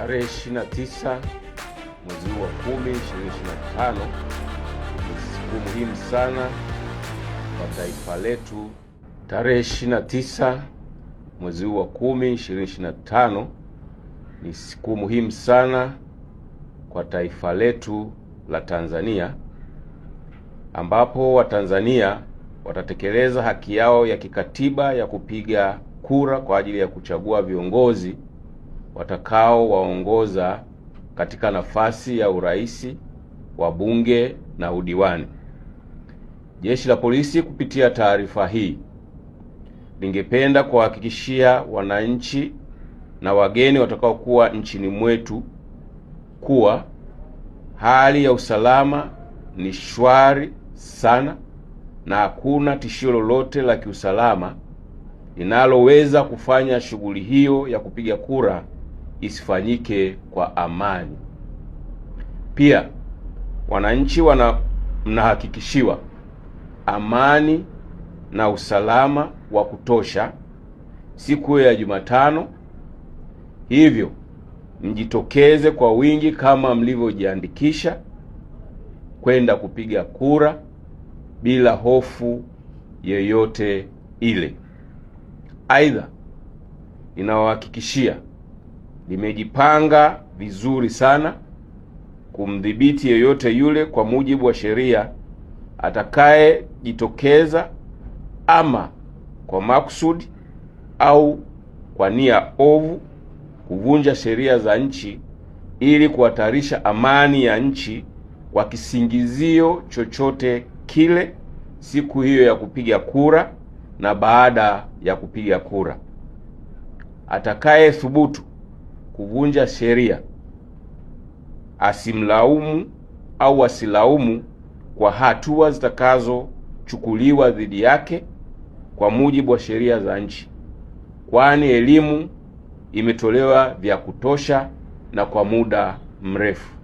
tarehe 29 mwezi huu wa 10 2025 ni siku muhimu sana kwa taifa letu. Tarehe 29 mwezi huu wa 10 2025 ni siku muhimu sana kwa taifa letu la Tanzania, ambapo Watanzania watatekeleza haki yao ya kikatiba ya kupiga kura kwa ajili ya kuchagua viongozi watakaowaongoza katika nafasi ya urais, bunge na udiwani. Jeshi la Polisi kupitia taarifa hii lingependa kuwahakikishia wananchi na wageni watakaokuwa nchini mwetu kuwa hali ya usalama ni shwari sana na hakuna tishio lolote la kiusalama linaloweza kufanya shughuli hiyo ya kupiga kura isifanyike kwa amani. Pia wananchi wana mnahakikishiwa amani na usalama wa kutosha siku ya Jumatano, hivyo mjitokeze kwa wingi kama mlivyojiandikisha kwenda kupiga kura bila hofu yeyote ile. Aidha, ninawahakikishia limejipanga vizuri sana kumdhibiti yeyote yule kwa mujibu wa sheria atakayejitokeza ama kwa maksudi au kwa nia ovu kuvunja sheria za nchi ili kuhatarisha amani ya nchi kwa kisingizio chochote kile siku hiyo ya kupiga kura na baada ya kupiga kura. Atakaye thubutu kuvunja sheria asimlaumu au asilaumu kwa hatua zitakazochukuliwa dhidi yake kwa mujibu wa sheria za nchi, kwani elimu imetolewa vya kutosha na kwa muda mrefu.